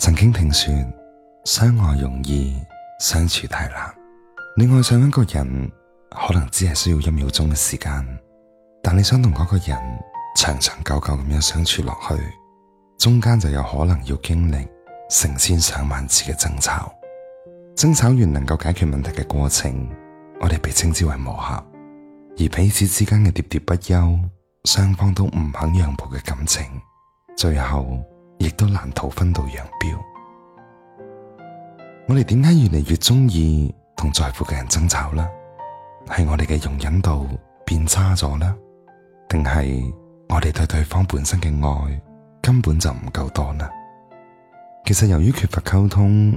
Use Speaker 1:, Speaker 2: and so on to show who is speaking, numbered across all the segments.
Speaker 1: 曾經聽說相愛容易相處太難。你愛上一個人可能只係需要一秒鐘嘅時間，但你想同嗰個人長長久久咁樣相處落去，中間就有可能要經歷成千上萬次嘅爭吵。爭吵完能夠解決問題嘅過程，我哋被稱之為磨合。而彼此之間嘅喋喋不休，雙方都唔肯讓步嘅感情，最後。亦都難逃分道揚鑣。我哋點解越嚟越中意同在乎嘅人爭吵呢？係我哋嘅容忍度變差咗啦？定係我哋對對方本身嘅愛根本就唔夠多啦？其實由於缺乏溝通，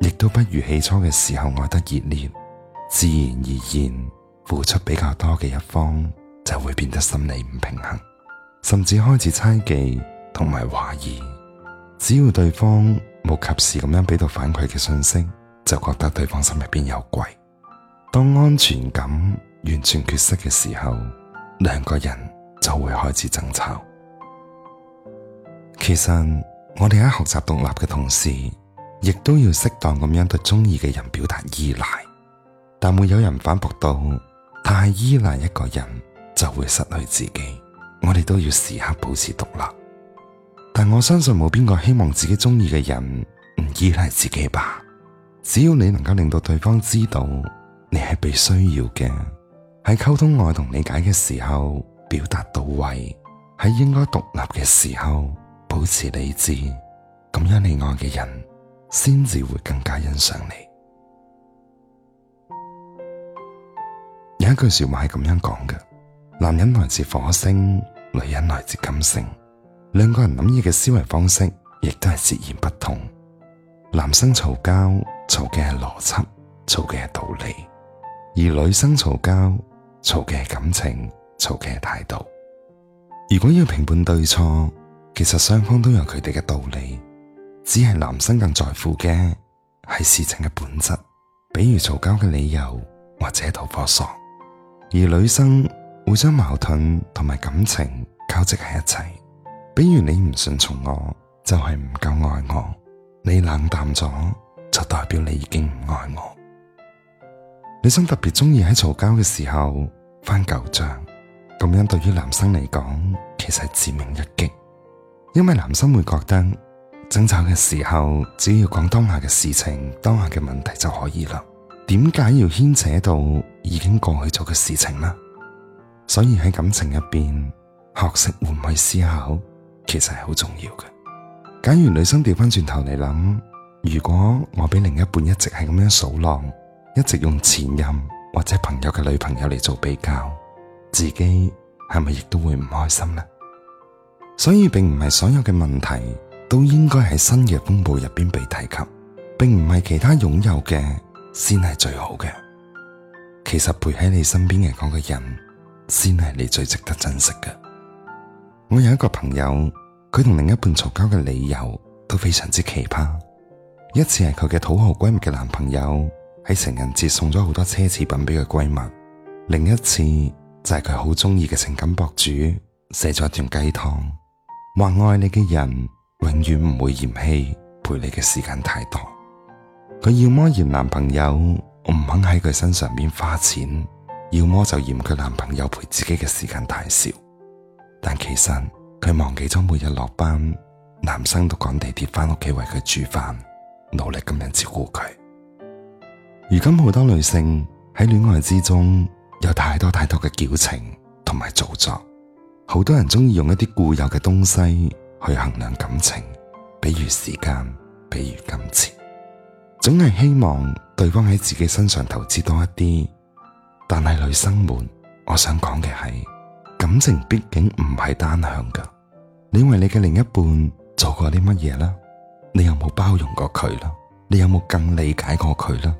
Speaker 1: 亦都不如起初嘅時候愛得熱烈，自然而然付出比較多嘅一方就會變得心理唔平衡，甚至開始猜忌同埋懷疑。只要對方冇及時咁樣俾到反饋嘅信息，就覺得對方心入邊有鬼。當安全感完全缺失嘅時候，兩個人就會開始爭吵。其實我哋喺學習獨立嘅同時，亦都要適當咁樣對中意嘅人表達依賴。但會有人反駁到：太依賴一個人就會失去自己。我哋都要時刻保持獨立。但我相信冇邊個希望自己中意嘅人唔依賴自己吧。只要你能夠令到對方知道你係被需要嘅，喺溝通愛同理解嘅時候表達到位，喺應該獨立嘅時候保持理智，咁樣你愛嘅人先至會更加欣賞你。有一句說話係咁樣講嘅，男人來自火星，女人來自金星。兩個人諗嘢嘅思維方式亦都係截然不同。男生嘈交嘈嘅係邏輯，嘈嘅係道理；而女生嘈交嘈嘅係感情，嘈嘅係態度。如果要評判對錯，其實雙方都有佢哋嘅道理，只係男生更在乎嘅係事情嘅本質，比如嘈交嘅理由或者導火索；而女生會將矛盾同埋感情交織喺一齊。比如你唔順從我，就係唔夠愛我；你冷淡咗，就代表你已經唔愛我。女生特別中意喺嘈交嘅時候翻舊賬，咁樣對於男生嚟講，其實致命一擊。因為男生會覺得，爭吵嘅時候只要講當下嘅事情，當下嘅問題就可以啦，點解要牽扯到已經過去咗嘅事情呢？所以喺感情入邊，學識換位思考，其實係好重要嘅。假如女生調返轉頭嚟諗，如果我俾另一半一直係咁樣數落，一直用前任或者朋友嘅女朋友嚟做比較，自己係咪亦都會唔開心呢？所以並唔係所有嘅問題都應該喺新嘅風暴入邊被提及，並唔係其他擁有嘅先係最好嘅。其實陪喺你身邊嘅嗰個人，先係你最值得珍惜嘅。我有一個朋友，佢同另一半嘈交嘅理由都非常之奇葩。一次係佢嘅土豪閨蜜嘅男朋友喺情人節送咗好多奢侈品俾佢閨蜜，另一次就係佢好中意嘅情感博主寫咗一段雞湯，話愛你嘅人永遠唔會嫌棄陪你嘅時間太多。佢要麼嫌男朋友唔肯喺佢身上邊花錢，要麼就嫌佢男朋友陪自己嘅時間太少。但其實佢忘記咗每日落班，男生都趕地鐵翻屋企為佢煮飯，努力咁樣照顧佢。如今好多女性喺戀愛之中有太多太多嘅矯情同埋做作，好多人中意用一啲固有嘅東西去衡量感情，比如時間，比如金錢，總係希望對方喺自己身上投資多一啲。但係女生們，我想講嘅係。感情畢竟唔係單向噶，你為你嘅另一半做過啲乜嘢啦？你有冇包容過佢啦？你有冇更理解過佢啦？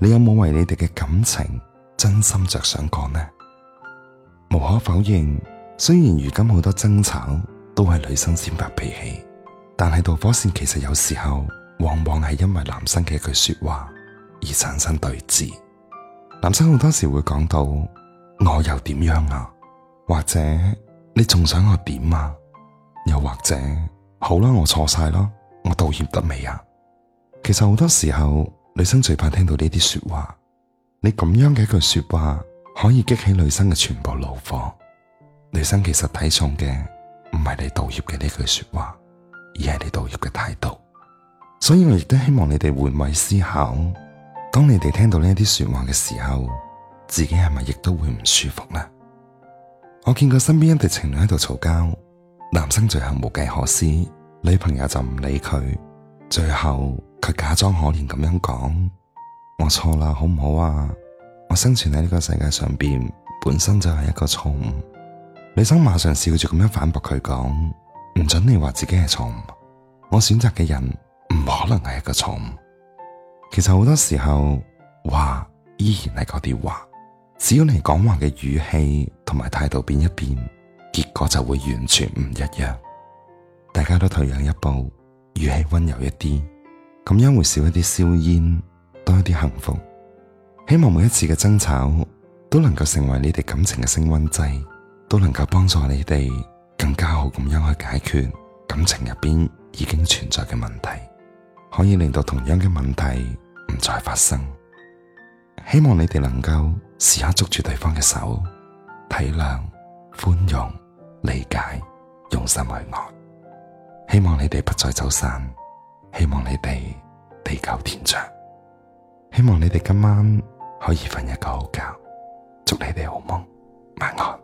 Speaker 1: 你有冇為你哋嘅感情真心着想過呢？無可否認，雖然如今好多爭吵都係女生先發脾氣，但係導火綫其實有時候往往係因為男生嘅一句說話而產生對峙。男生好多時會講到：我又點樣啊？或者你仲想我點啊？又或者好啦，我錯晒囉，我道歉得未啊？其實好多時候，女生最怕聽到呢啲說話。你咁樣嘅一句說話，可以激起女生嘅全部怒火。女生其實睇重嘅唔係你道歉嘅呢句說話，而係你道歉嘅態度。所以我亦都希望你哋換位思考，當你哋聽到呢一啲說話嘅時候，自己係咪亦都會唔舒服呢？我見佢身邊一對情侶喺度嘈交，男生最後無計可施，女朋友就唔理佢，最後佢假裝可憐咁樣講：我錯啦，好唔好啊？我生存喺呢個世界上邊本身就係一個錯誤。女生馬上笑住咁樣反駁佢講：唔準你話自己係錯誤，我選擇嘅人唔可能係一個錯誤。其實好多時候話依然係嗰啲話。只要你講話嘅語氣同埋態度變一變，結果就會完全唔一樣。大家都退讓一步，語氣溫柔一啲，咁樣會少一啲硝煙，多一啲幸福。希望每一次嘅爭吵都能夠成為你哋感情嘅升溫劑，都能夠幫助你哋更加好咁樣去解決感情入邊已經存在嘅問題，可以令到同樣嘅問題唔再發生。希望你哋能夠時刻捉住對方嘅手，體諒、寬容、理解、用心去愛。希望你哋不再走散，希望你哋地久天長。希望你哋今晚可以瞓一個好覺，祝你哋好夢，晚安。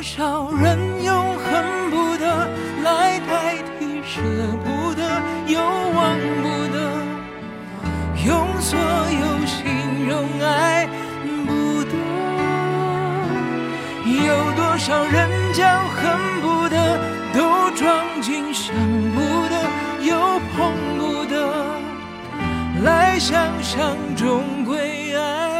Speaker 2: 多少人用恨不得來代替捨不得，又忘不得，用所有形容愛不得。有多少人將恨不得都裝進傷不得，又碰不得，來想象終歸愛。